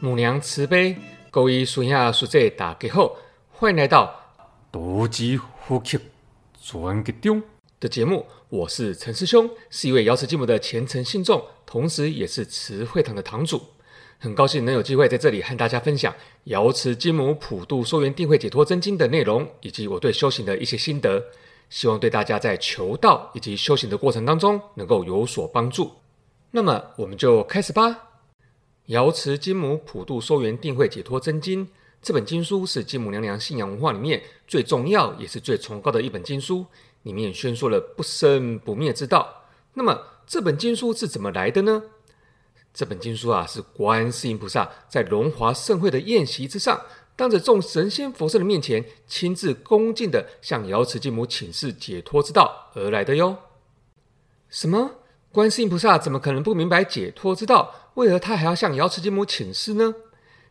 母娘慈悲，故蘇隨亞蘇者打結後，歡迎來到《獨之呼吸》專輯中的節目，我是陳師兄，是一位瑤池金母的虔誠信眾，同時也是慈惠堂的堂主。很高興能有機會在這裡和大家分享《瑤池金母普度收圓、定慧解脫真經》的內容，以及我對修行的一些心得。希望對大家在求道以及修行的過程當中能夠有所幫助。那麼，我們就開始吧。《瑤池金母普度收圓定慧解脫真經》這本經書是金母娘娘信仰文化裡面最重要，也是最崇高的一本經書，裡面也宣說了不生不滅之道。那麼這本經書是怎麼來的呢？這本經書啊，是觀世音菩薩在龍華勝會的宴席之上，當着眾神仙佛聖的面前，親自恭敬地向瑤池金母請示解脫之道而來的喲。什麼？觀世音菩薩怎麼可能不明白解脫之道？為何他還要向瑤池金母請示呢？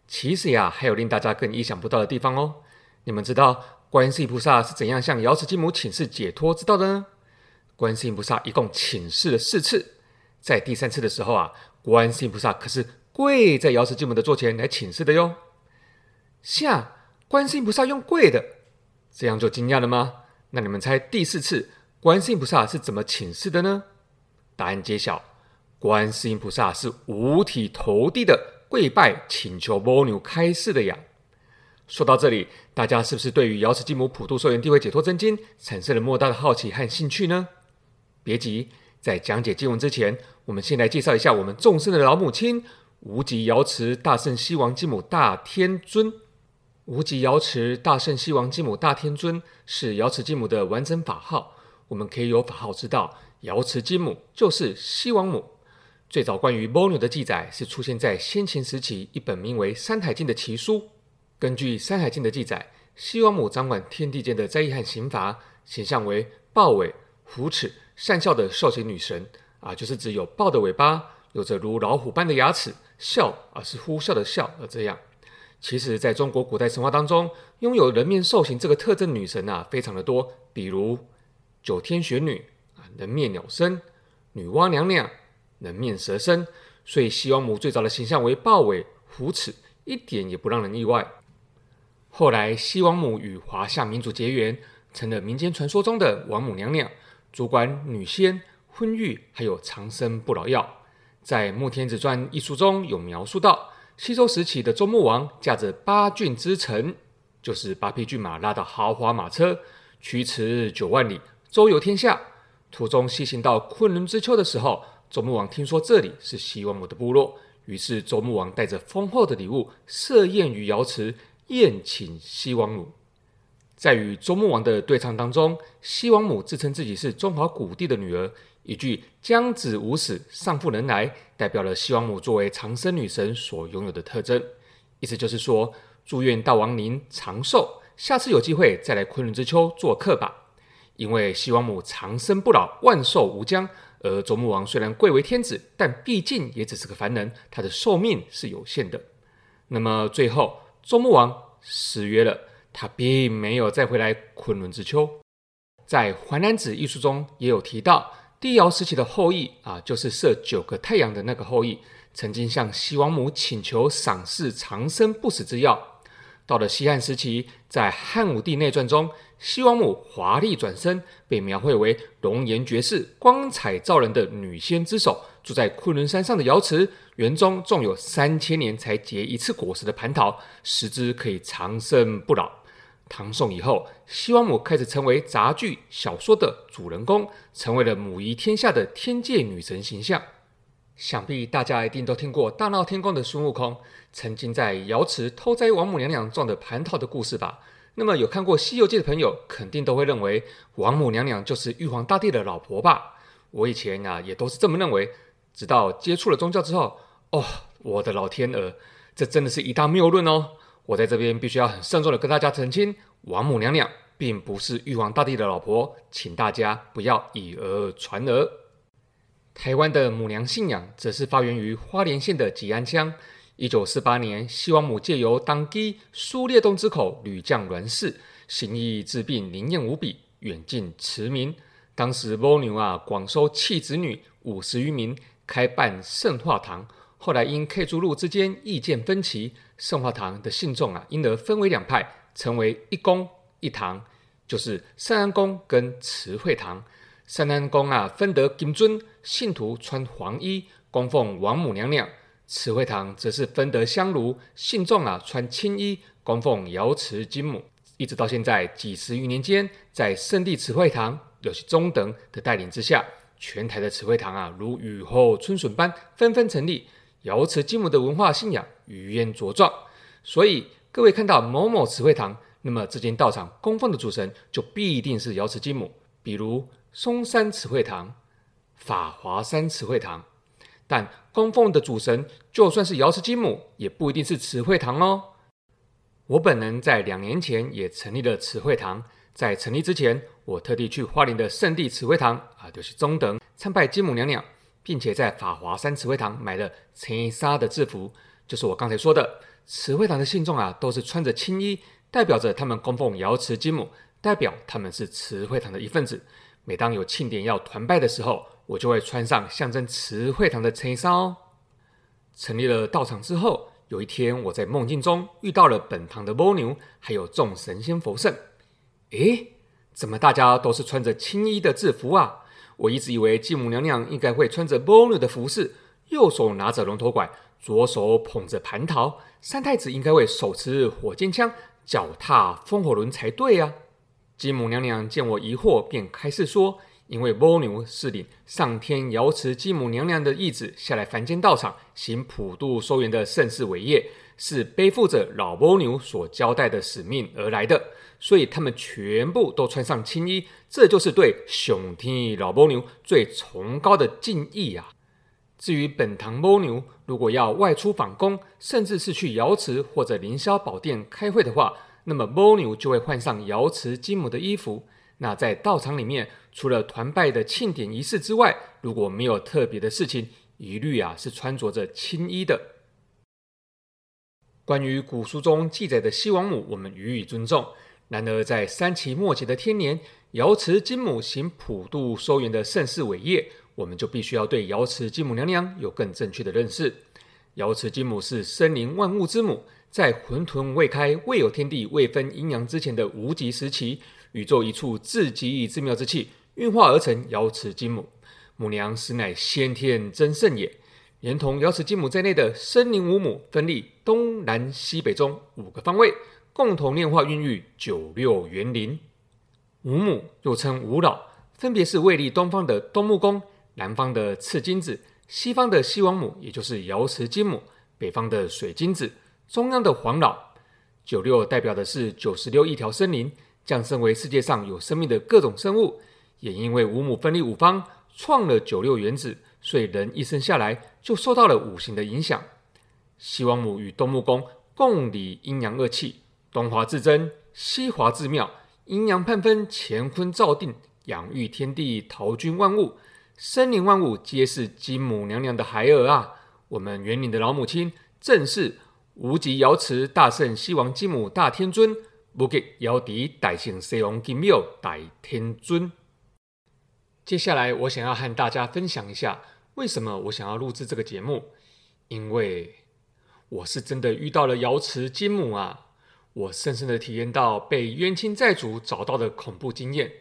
其實呀，還有令大家更意想不到的地方哦。你們知道觀世音菩薩是怎樣向瑤池金母請示解脫之道的呢？觀世音菩薩一共請示了四次，在第三次的時候啊，觀世音菩薩可是跪在瑤池金母的座前來請示的喲。下觀世音菩薩用跪的，這樣就驚訝了嗎？那你們猜第四次觀世音菩薩是怎麼請示的呢？答案揭曉。觀世音菩薩是五體投地的跪拜，請求波妞開示的呀。說到這裡，大家是不是對於《瑤池金母普度收圓定慧解脫真經》產生了莫大的好奇和興趣呢？別急，在講解經文之前，我們先來介紹一下我們眾生的老母親——無極瑤池大聖西王金母大天尊。無極瑤池大聖西王金母大天尊是瑤池金母的完整法號。我們可以由法號知道，瑤池金母就是西王母。最早關於波妞的記載是出現在先秦時期一本名為《山海經》的奇書。根據《山海經》的記載，西王母掌管天地間的災疫和刑罰，形象為豹尾、虎齒、善笑的獸形女神。啊，就是指有豹的尾巴，有着如老虎般的牙齒，笑而、啊、是呼嘯的嘯。而、啊、這樣，其實在中國古代神話當中，擁有人面獸形這個特徵的女神啊非常的多，比如九天玄女啊，人面鳥身，女媧娘娘，人面蛇身，所以西王母最早的形象為豹尾虎齒，一點也不讓人意外。後來，西王母與華夏民族結緣，成了民間傳說中的王母娘娘，主管女仙婚育，還有長生不老藥。在《穆天子傳》一書中有描述到，西周時期的周穆王駕着八駿之乘，就是八匹駿馬拉的豪華馬車，驅馳九萬里，周遊天下。途中西行到崑崙之丘的時候，周穆王聽說這裡是西王母的部落，於是周穆王帶着豐厚的禮物設宴於瑤池，宴請西王母。在與周穆王的對唱當中，西王母自稱自己是中華古帝的女兒，一句“將子無死，尚復能來”，代表了西王母作為長生女神所擁有的特徵，意思就是說，祝願大王您長壽，下次有機會再來昆崙之丘做客吧，因為西王母長生不老，萬壽無疆。而周穆王雖然貴為天子，但畢竟也只是個凡人，他的壽命是有限的。那麼最後，周穆王失約了，他並沒有再回來昆崙之丘。在《淮南子》一書中也有提到，帝堯時期的后羿啊，就是射九個太陽的那個後羿，曾經向西王母請求賞賜長生不死之藥。到了西漢時期，在《漢武帝內傳》中，西王母華麗轉身，被描繪為容顏絕世、光彩照人的女仙之首，住在昆崙山上的瑤池，園中種有三千年才結一次果實的蟠桃，食之可以長生不老。唐宋以後，西王母開始成為雜劇、小說的主人公，成為了母儀天下的天界女神形象。想必大家一定都聽過大鬧天宮的孫悟空，曾經在瑤池偷摘王母娘娘種的蟠桃的故事吧？那麼有看過《西遊記》的朋友，肯定都會認為王母娘娘就是玉皇大帝的老婆吧？我以前啊也都是這麼認為，直到接觸了宗教之後，哦，我的老天鵝，這真的是一大謬論哦！我在這邊必須要很慎重的跟大家澄清，王母娘娘並不是玉皇大帝的老婆，請大家不要以訛傳訛。台灣的母娘信仰，則是發源於花蓮縣的吉安鄉。一九四八年，西王母借由當地蘇烈東之口屢降鸞世行醫治病，靈驗無比，遠近馳名。當時母娘啊，廣收契子女五十餘名，開辦聖化堂。後來因 K 珠路之間意見分歧，聖化堂的信眾啊，因而分為兩派，成為一宮一堂，就是勝安宮跟慈惠堂。勝安宮啊，分得金尊，信徒穿黃衣，供奉王母娘娘；慈惠堂則是分得香爐，信眾啊，穿青衣，供奉瑤池金母。一直到現在幾十餘年間，在聖地慈惠堂尤其中等的帶領之下，全台的慈惠堂啊，如雨後春筍般紛紛成立，瑤池金母的文化信仰語言茁壯。所以各位看到某某慈惠堂，那麼這間道場供奉的主神就必定是瑤池金母，比如。松山慈惠堂、法華山慈惠堂，但供奉的主神就算是瑤池金母，也不一定是慈惠堂哦。我本人在兩年前也成立了慈惠堂，在成立之前，我特地去花蓮的聖地慈惠堂啊，就是中等參拜金母娘娘，並且在法華山慈惠堂買了陳一沙的制服，就是我剛才說的慈惠堂的信眾啊，都是穿着青衣，代表着他們供奉瑤池金母，代表他們是慈惠堂的一份子。每當有慶典要團拜的時候，我就會穿上象徵慈惠堂的青衣裳哦。成立了道場之後，有一天我在夢境中遇到了本堂的母娘，還有眾神仙佛聖。哎，怎麼大家都是穿着青衣的制服啊？我一直以為金母娘娘應該會穿着母娘的服飾，右手拿着龍頭拐，左手捧着蟠桃。三太子應該會手持火尖槍，腳踏風火輪才對啊。金母娘娘見我疑惑，便開示說：“因為母娘是領上天瑤池金母娘娘的懿旨下來凡間道場，行普渡收圓的盛世偉業，是背負着老母娘所交代的使命而來的，所以他們全部都穿上青衣，這就是對上天老母娘最崇高的敬意啊！至於本堂母娘，如果要外出訪宮，甚至是去瑤池或者凌霄寶殿開會的話，”那麼，波牛就會換上瑤池金母的衣服。那在道場裡面，除了團拜的慶典儀式之外，如果沒有特別的事情，一律啊是穿着着青衣的。關於古書中記載的西王母，我們予以尊重。然而，在三期末劫的天年，瑤池金母行普度收圓的盛世偉業，我們就必須要對瑤池金母娘娘有更正確的認識。瑤池金母是生靈萬物之母。在混沌未開、未有天地、未分陰陽之前的無極時期，宇宙一處至極與至妙之氣，運化而成瑤池金母。母娘實乃先天真聖也。連同瑤池金母在內的森林五母，分立東南西北中五個方位，共同煉化孕育九六元靈。五母又稱五老，分別是位立東方的東木公，南方的赤金子，西方的西王母，也就是瑤池金母，北方的水金子。中央的黃老，九六，代表的是九十六億條原靈降生為世界上有生命的各種生物，也因為五母分立五方創了九六原子，所以人一生下來就受到了五行的影響。西王母與東木公共理陰陽二氣，東華至真，西華至妙，陰陽判分，乾坤造定，養育天地，陶鈞萬物，原靈萬物皆是金母娘娘的孩兒啊！我們原靈的老母親正是，無極瑤池大聖西王金母大天尊，無極瑤池大聖西王金母大天尊。接下來，我想要和大家分享一下，為什麼我想要錄製這個節目？因為我是真的遇到了瑤池金母啊！我深深的體驗到被冤親債主找到的恐怖經驗。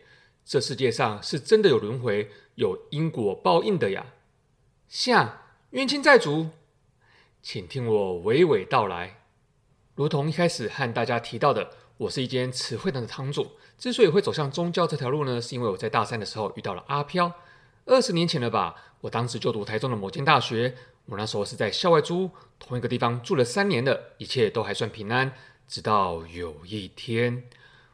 這世界上是真的有輪迴、有因果報應的呀！下冤親債主。請聽我娓娓道來。如同一開始和大家提到的，我是一間慈惠堂的堂主。之所以會走向宗教這條路呢，是因為我在大三的時候遇到了阿飄。二十年前了吧，我當時就讀台中的某間大學，我那時候是在校外租同一個地方住了三年的，一切都還算平安。直到有一天，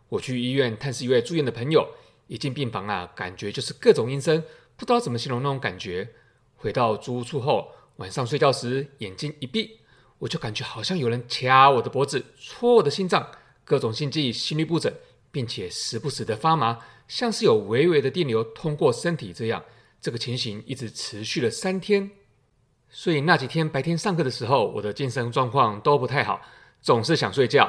我去醫院探視一位住院的朋友，一進病房啊，感覺就是各種陰森，不知道怎麼形容那種感覺。回到租屋處後。晚上睡覺時，眼睛一閉，我就感覺好像有人掐我的脖子、戳我的心臟，各種心悸、心律不整，並且時不時的發麻，像是有微微的電流通過身體這樣，這個情形一直持續了三天。所以那幾天白天上課的時候，我的精神狀況都不太好，總是想睡覺。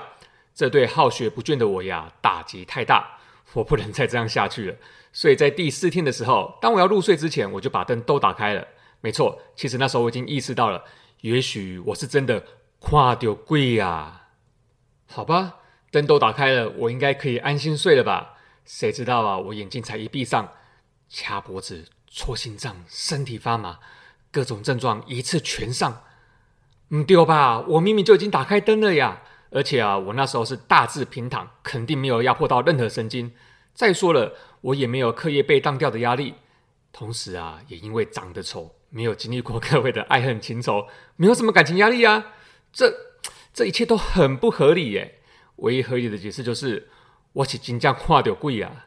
這對好學不倦的我呀，打擊太大。我不能再這樣下去了。所以在第四天的時候，當我要入睡之前，我就把燈都打開了。沒錯，其實那時候我已經意識到了，也許我是真的卡到鬼呀。好吧，燈都打開了，我應該可以安心睡了吧？誰知道啊，我眼睛才一閉上，掐脖子、戳心臟、身體發麻，各種症狀一次全上。唔丟吧，我明明就已經打開燈了呀，而且啊，我那時候是大致平躺，肯定沒有壓迫到任何神經。再說了，我也沒有課業被當掉的壓力。同時啊，也因為長得醜，沒有經歷過各位的愛恨情仇，沒有什麼感情壓力啊，這這一切都很不合理耶。唯一合理的解釋就是我是金價卡到鬼啊。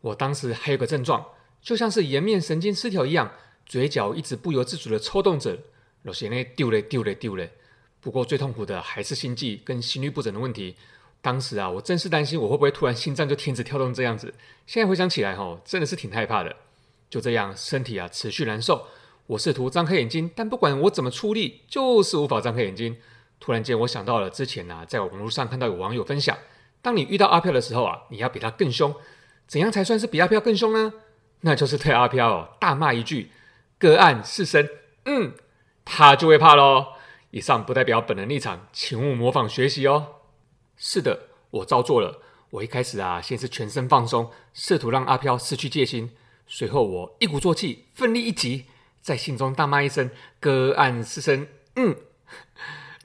我當時還有個症狀，就像是顏面神經失調一樣，嘴角一直不由自主的抽動着，老是那丟嘞丟嘞丟嘞。不過最痛苦的還是心悸跟心律不整的問題。當時啊，我真是擔心我會不會突然心臟就停止跳動這樣子。現在回想起來吼，真的是挺害怕的。就這樣，身體啊，持續難受。我試圖張開眼睛，但不管我怎麼出力，就是無法張開眼睛。突然間，我想到了之前啊，在網絡上看到有網友分享：當你遇到阿飄的時候啊，你要比他更兇。怎樣才算是比阿飄更兇呢？那就是對阿飄哦，大罵一句“個案是神”，嗯，他就會怕嘍。以上不代表本人立場，請勿模仿學習哦。是的，我照做了。我一開始啊，先是全身放鬆，試圖讓阿飄失去戒心。隨後我一鼓作氣，奮力一擊，在心中大罵一聲“割案失聲嗯，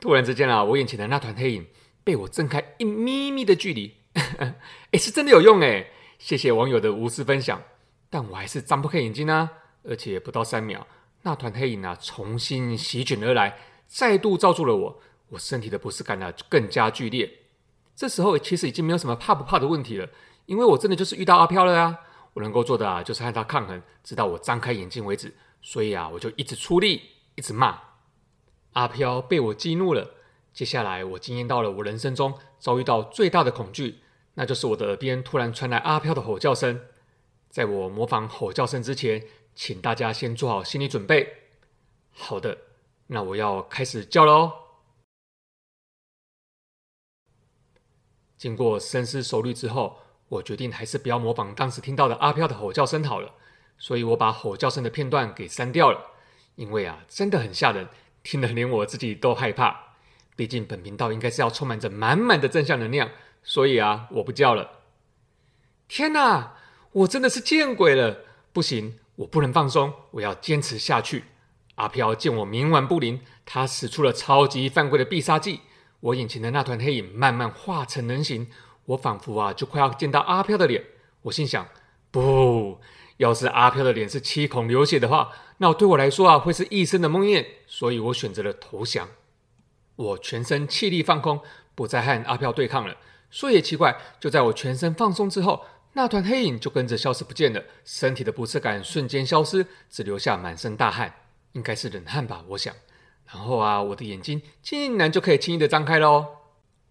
突然之間啊，我眼前的那團黑影被我睜開一咪咪的距離，誒、 欸、是真的有用誒、欸、謝謝網友的無私分享，但我還是張不開眼睛呢、啊。而且不到三秒，那團黑影啊，重新席捲而來，再度罩住了我。我身體的不適感呢，更加劇烈。這時候其實已經沒有什麼怕不怕的問題了，因為我真的就是遇到阿飄了呀、啊。我能夠做的啊，就是和他抗衡，直到我張開眼睛為止。所以啊，我就一直出力，一直罵。阿飄被我激怒了。接下來，我經驗到了我人生中遭遇到最大的恐懼，那就是我的耳邊突然傳來阿飄的吼叫聲。在我模仿吼叫聲之前，請大家先做好心理準備。好的，那我要開始叫了哦。經過深思熟慮之後。我決定還是不要模仿當時聽到的阿飄的吼叫聲好了，所以我把吼叫聲的片段給刪掉了，因為啊，真的很嚇人，聽得連我自己都害怕。畢竟本頻道應該是要充滿着滿滿的正向能量，所以啊，我不叫了。天哪，我真的是見鬼了！不行，我不能放鬆，我要堅持下去。阿飄見我冥頑不靈，他使出了超級犯規的必殺技，我眼前的那團黑影慢慢化成人形。我仿佛啊，就快要見到阿飄的臉。我心想，不要是阿飄的臉是七孔流血的話，那對我來說啊，會是一生的夢魘。所以，我選擇了投降。我全身氣力放空，不再和阿飄對抗了。說也奇怪，就在我全身放鬆之後，那團黑影就跟着消失不見了。身體的不適感瞬間消失，只留下滿身大汗，應該是冷汗吧？我想。然後啊，我的眼睛竟然就可以輕易的張開了哦。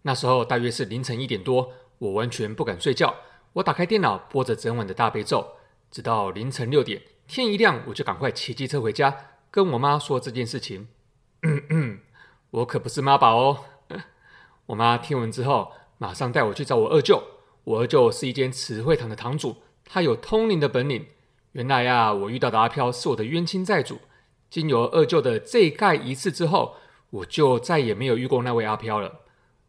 那時候大約是凌晨一點多。我完全不敢睡覺，我打開電腦播着整晚的大悲咒，直到凌晨六點，天一亮我就趕快騎機車回家，跟我媽說這件事情。咳咳，我可不是媽寶哦。 我媽聽完之後，馬上帶我去找我二舅。我二舅是一間慈惠堂的堂主，他有通靈的本領。原來啊，我遇到的阿飄是我的冤親債主。經由二舅的祭改儀式之後，我就再也沒有遇過那位阿飄了。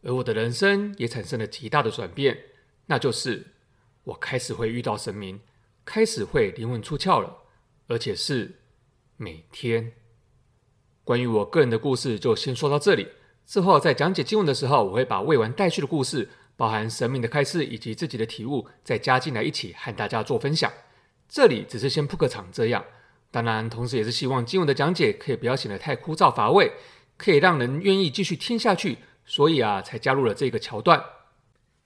而我的人生也產生了極大的轉變，那就是我開始會遇到神明，開始會靈魂出竅了，而且是每天。關於我個人的故事就先說到這裡，之後在講解經文的時候，我會把未完待續的故事，包含神明的開示以及自己的體悟，再加進來一起和大家做分享。這裡只是先鋪個場這樣，當然，同時也是希望經文的講解可以不要顯得太枯燥乏味，可以讓人願意繼續聽下去。所以啊，才加入了這個橋段。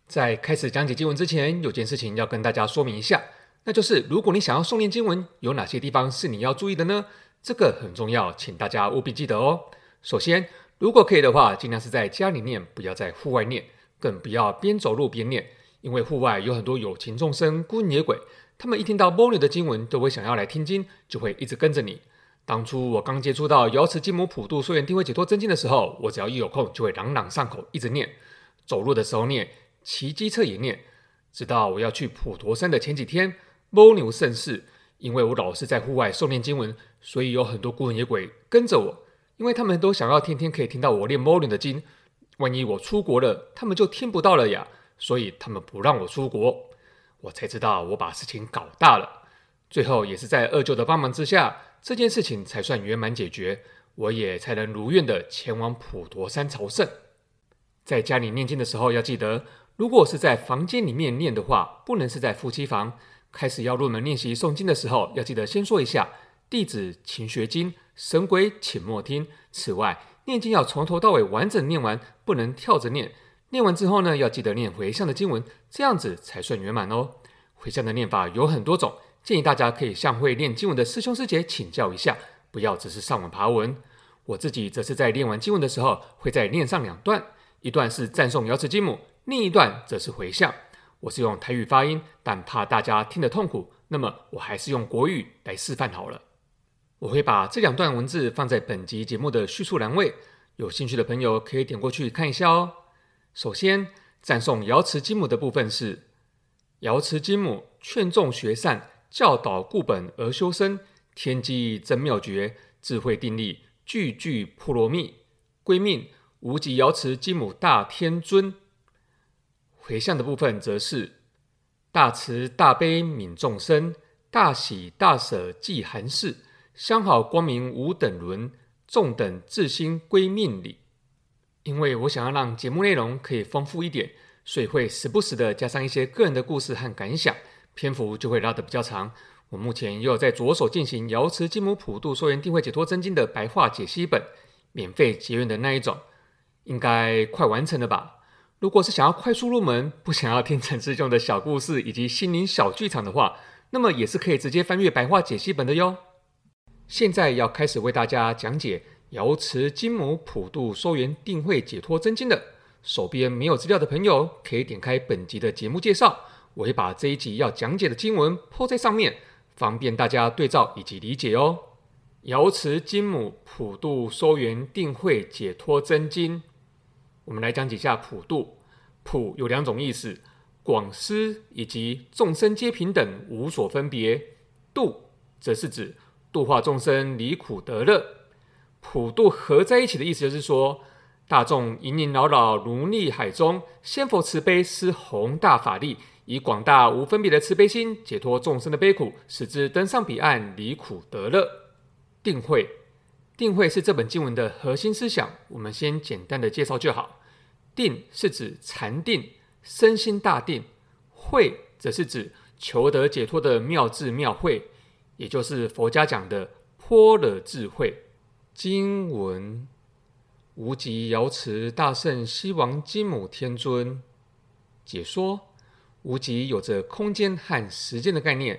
在開始講解經文之前，有件事情要跟大家說明一下，那就是如果你想要誦念經文，有哪些地方是你要注意的呢？這個很重要，請大家務必記得哦。首先，如果可以的話，盡量是在家裡面，不要在戶外念，更不要邊走路邊念，因為戶外有很多有情眾生、孤魂野鬼，他們一聽到波妞的經文，都會想要來聽經，就會一直跟着你。當初我剛接觸到《瑤池金母普度收圓定慧解脫真經》的時候，我只要一有空就會朗朗上口，一直念，走路的時候念，騎機車也念，直到我要去普陀山的前幾天，摩尼盛世。因為我老是在戶外誦念經文，所以有很多孤魂野鬼跟着我，因為他們都想要天天可以聽到我念摩尼的經，萬一我出國了，他們就聽不到了呀，所以他們不讓我出國，我才知道我把事情搞大了。最後也是在二舅的幫忙之下，這件事情才算圓滿解決，我也才能如願地前往普陀山朝聖。在家裡念經的時候要記得，如果是在房間裡面念的話，不能是在夫妻房。開始要入門練習誦經的時候，要記得先說一下：“弟子勤學經，神鬼請莫聽。”此外，念經要從頭到尾完整念完，不能跳着念。念完之後呢，要記得念回向的經文，這樣子才算圓滿哦。回向的念法有很多種。建議大家可以向會念經文的師兄師姐請教一下，不要只是上網爬文。我自己則是在念完經文的時候，會再念上兩段，一段是讚頌瑤池金母，另一段則是回向。我是用台語發音，但怕大家聽得痛苦，那麼我還是用國語來示範好了。我會把這兩段文字放在本集節目的敘述欄位，有興趣的朋友可以點過去看一下哦。首先，讚頌瑤池金母的部分是：瑤池金母勸眾學善。教導固本而修身，天機真妙絕，智慧定力句句波羅蜜，歸命無極瑤池金母大天尊。回向的部分則是大慈大悲憫眾生，大喜大舍濟含事，相好光明無等倫，眾等至心歸命禮。因為我想要讓節目內容可以豐富一點，所以會時不時的加上一些個人的故事和感想。篇幅就會拉得比較長。我目前又有在着手進行《瑤池金母普度收圓定慧解脫真經》的白話解析本，免費結緣的那一種，應該快完成了吧？如果是想要快速入門，不想要聽陳師兄的小故事以及心靈小劇場的話，那麼也是可以直接翻閱白話解析本的喲。現在要開始為大家講解《瑤池金母普度收圓定慧解脫真經》，的手邊沒有資料的朋友，可以點開本集的節目介紹。我會把這一集要講解的經文鋪在上面，方便大家對照以及理解哦。《瑤池金母普度收圓定慧解脫真經》，我們來講解一下普度。普有兩種意思：廣施以及眾生皆平等，無所分別。度則是指度化眾生離苦得樂。普度合在一起的意思就是說，大眾營營擾擾如溺海中，仙佛慈悲施宏大法力。以廣大無分別的慈悲心，解脫眾生的悲苦，使之登上彼岸，離苦得樂，定慧，定慧是這本經文的核心思想。我們先簡單的介紹就好。定是指禪定、身心大定；慧則是指求得解脫的妙智妙慧，也就是佛家講的般若智慧。經文無極瑤池大聖西王金母天尊解說。無極有着空間和時間的概念，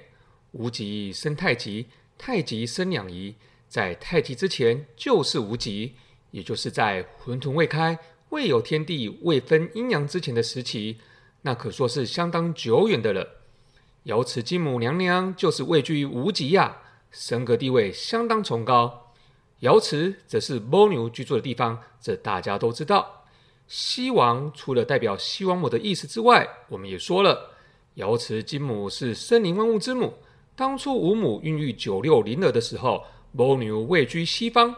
無極生太極，太極生兩儀。在太極之前就是無極，也就是在混沌未開、未有天地、未分陰陽之前的時期。那可說是相當久遠的了。瑤池金母娘娘就是位居於無極呀、啊，神格地位相當崇高。瑤池則是母娘居住的地方，這大家都知道。西王除了代表西王母的意思之外，我們也說了，瑤池金母是森林萬物之母。當初五母孕育九六靈兒的時候，母女位居西方，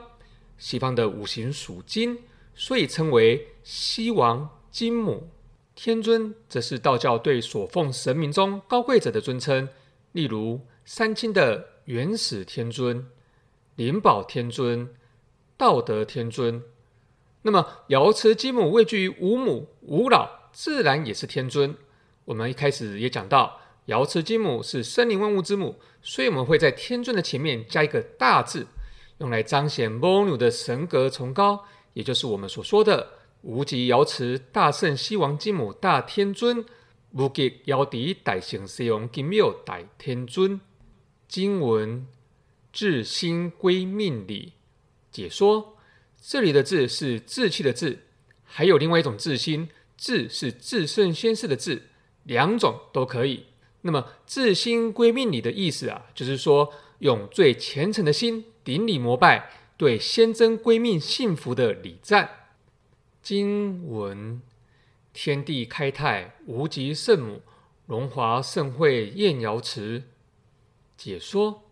西方的五行屬金，所以稱為西王金母。天尊則是道教對所奉神明中高貴者的尊稱，例如三清的元始天尊、靈寶天尊、道德天尊。那麼，瑤池金母位居於五母五老，自然也是天尊。我們一開始也講到，瑤池金母是生靈萬物之母，所以我們會在天尊的前面加一個大字，用來彰顯母娘的神格崇高，也就是我們所說的無極瑤池大聖西王金母大天尊，無極瑤池大聖西王金母大天尊。經文，志心歸命禮，解說。這裡的“字是志氣的“志，還有另外一種“志心”，“志是至聖先師的“志，兩種都可以。那麼“至心皈命禮的意思啊，就是說用最虔誠的心頂禮膜拜，對先真歸命幸福的禮讚。經文：天地開泰，無極聖母，龍華勝會宴瑤池。解說：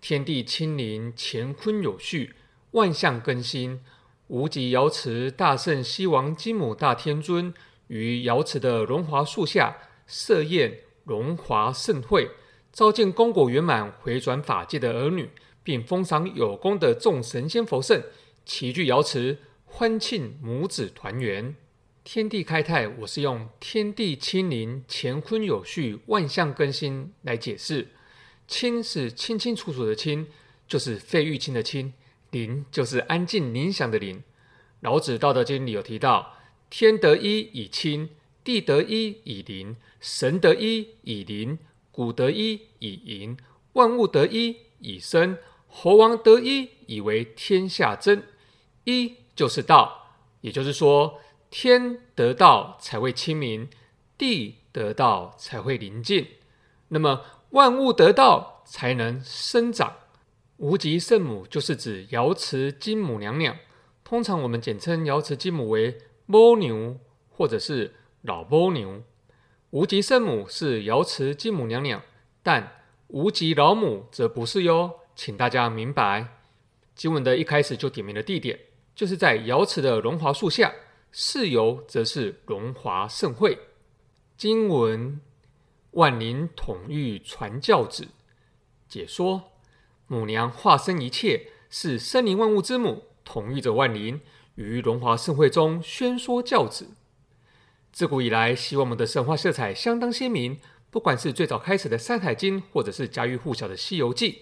天地清靈，乾坤有序。萬象更新，無極瑤池大聖西王金母大天尊於瑤池的龍華樹下設宴龍華盛會，召見功果圓滿回轉法界的兒女，並封賞有功的眾神仙佛聖齊聚瑤池歡慶母子團圓。天地開泰，我是用天地清靈、乾坤有序、萬象更新來解釋。清是清清楚楚的清，就是費玉清的清。靈就是安靜、冥想的靈。老子《道德經》裡有提到：“天得一以清，地得一以靈，神得一以靈，谷得一以盈，萬物得一以生，侯王得一以為天下真。”一就是道，也就是說，天得道才會清明，地得道才會寧靜，那麼萬物得道才能生長。無極聖母就是指瑤池金母娘娘，通常我們簡稱瑤池金母為母娘，或者是老母娘。無極聖母是瑤池金母娘娘，但無極老母則不是喲，請大家明白。經文的一開始就點明了地點，就是在瑤池的龍華樹下，事由則是龍華勝會。經文萬靈統御傳教旨，解說。母娘化身一切，是森林萬物之母，統御着萬靈。於龍華勝會中宣說教旨。自古以來，西王母的神話色彩相當鮮明，不管是最早開始的《山海經》，或者是家喻戶曉的《西遊記》。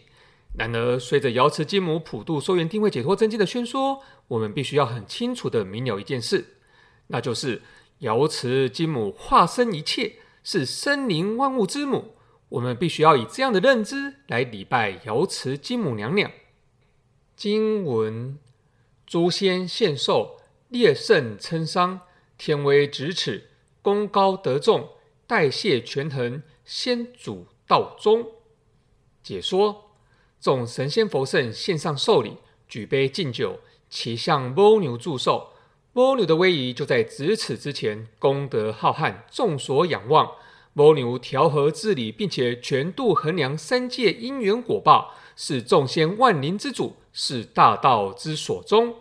然而，隨着《瑤池金母普度收圓定慧解脫真經》的宣說，我們必須要很清楚的明了一件事，那就是瑤池金母化身一切，是森林萬物之母。我們必須要以這樣的認知來禮拜瑤池金母娘娘。經文：諸仙獻壽，列聖稱觴，天威咫尺，功高德重，代燮權衡，仙主道宗。解說：眾神仙佛聖獻上壽禮，舉杯敬酒，齊向母娘祝壽。母娘的威儀就在咫尺之前，功德浩瀚，眾所仰望，摩牛調和治理，並且全度衡量三界因緣果報，是眾仙萬靈之主，是大道之所宗。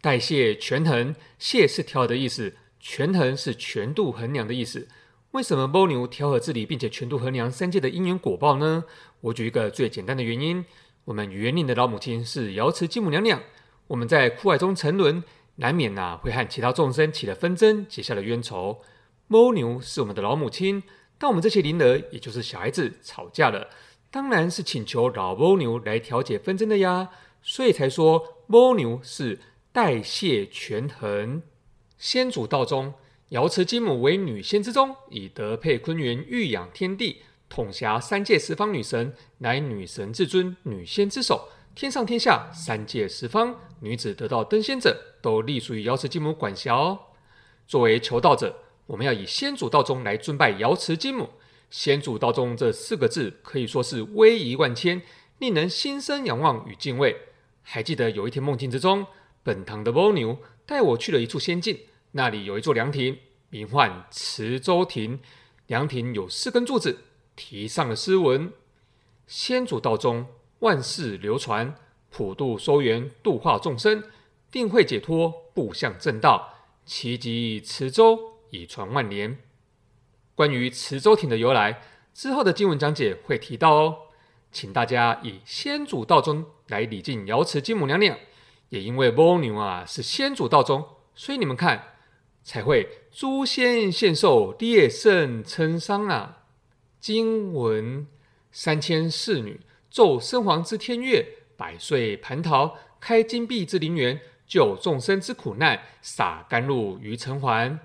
代燮權衡，燮是調和的意思，權衡是全度衡量的意思。為什麼摩牛調和治理，並且全度衡量三界的因緣果報呢？我舉一個最簡單的原因：我們元靈的老母親是瑤池金母娘娘，我們在苦海中沉淪，難免吶、啊、會和其他眾生起了紛爭，結下了冤仇。牦牛是我們的老母親，但我們這些靈兒，也就是小孩子吵架了，當然是請求老牦牛來調解紛爭的呀，所以才說牦牛是代燮權衡。仙主道宗，瑤池金母為女仙之宗，以德配坤元，育養天地，統轄三界十方女神，乃女神至尊、女仙之首。天上天下，三界十方女子得道登仙者，都隸屬於瑤池金母管轄哦。作為求道者。我們要以仙主道宗來尊拜瑤池金母。仙主道宗這四個字可以說是威儀萬千，令人心生仰望與敬畏。還記得有一天夢境之中，本堂的蝸牛帶我去了一處仙境，那裡有一座涼亭，名喚慈舟亭。涼亭有四根柱子，題上了詩文：“仙主道宗，萬世流傳，普度收圓，度化眾生，定慧解脫，步向正道，其即慈舟。以傳萬年。關於慈州亭的由來，之後的經文講解會提到哦。請大家以先祖道宗來禮敬瑤池金母娘娘。也因為蝸牛啊是先祖道宗，所以你們看才會諸仙獻壽，列聖稱觴啊。經文三千侍女奏笙簧之天樂，百歲蟠桃開金碧之靈園，救眾生之苦難，灑甘露於塵寰。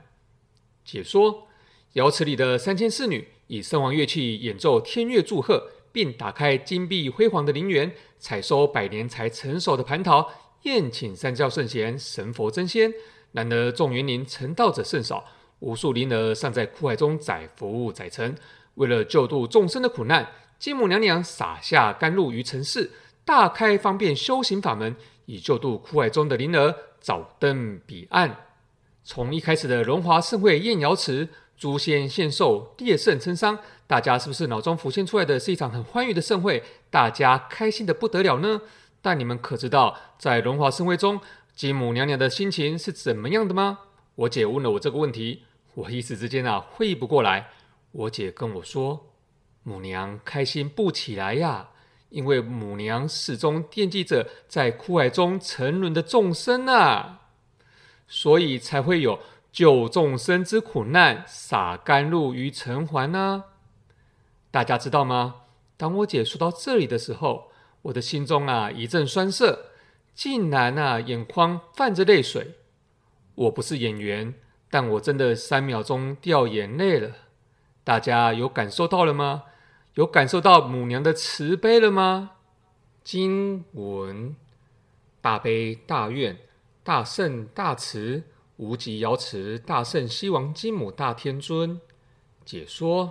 解說：瑤池裡的三千侍女以笙簧樂器演奏天樂祝賀，並打開金碧輝煌的靈園，採收百年才成熟的蟠桃，宴請三教聖賢、神佛真仙。難得眾元靈成道者甚少，無數靈兒尚在苦海中載浮載沉。為了救度眾生的苦難，金母娘娘灑下甘露於塵世，大開方便修行法門，以救度苦海中的靈兒，早登彼岸。從一開始的龍華勝會宴瑤池，諸仙獻壽，列聖稱觴。大家是不是腦中浮現出來的是一場很歡愉的盛會，大家開心得不得了呢？但你們可知道，在龍華勝會中，金母娘娘的心情是怎麼樣的嗎？我姐問了我這個問題，我一時之間啊，回憶不過來。我姐跟我說，母娘開心不起來呀，因為母娘始終惦記着在苦海中沉淪的眾生啊。所以才會有救眾生之苦難，灑甘露於塵寰呢？大家知道嗎？當我解說到這裡的時候，我的心中啊一陣酸澀，竟然啊眼眶泛着淚水。我不是演員，但我真的三秒鐘掉眼淚了。大家有感受到了嗎？有感受到母娘的慈悲了嗎？經文，大悲大願。大聖大慈無極瑤池大聖西王金母大天尊解說：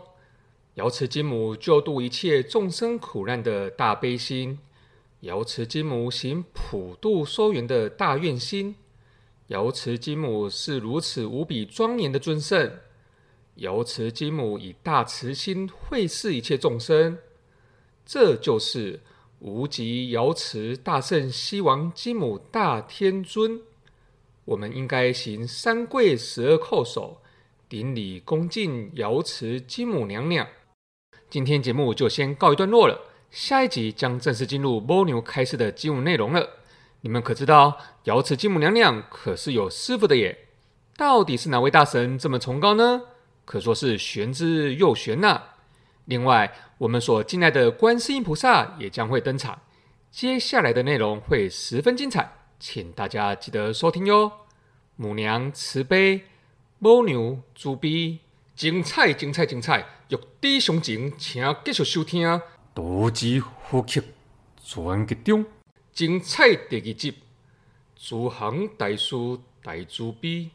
瑤池金母救度一切眾生苦難的大悲心，瑤池金母行普度收圓的大願心，瑤池金母是如此無比莊嚴的尊聖。瑤池金母以大慈心會視一切眾生，這就是。無極瑤池大聖西王金母大天尊，我們應該行三跪十二叩首，頂禮恭敬瑤池金母娘娘。今天節目就先告一段落了，下一集將正式進入波牛開示的金母內容了。你們可知道，瑤池金母娘娘可是有師傅的耶？到底是哪位大神這麼崇高呢？可說是玄之又玄吶、啊。另外，我們所敬愛的觀世音菩薩也將會登場。接下來的內容會十分精彩，請大家記得收聽喲。母娘慈悲，母娘慈悲，精彩，精彩，精彩！欲知詳情，請、啊、繼續收聽、啊《多子呼吸全奇》中精彩第二集：諸行大師大慈悲。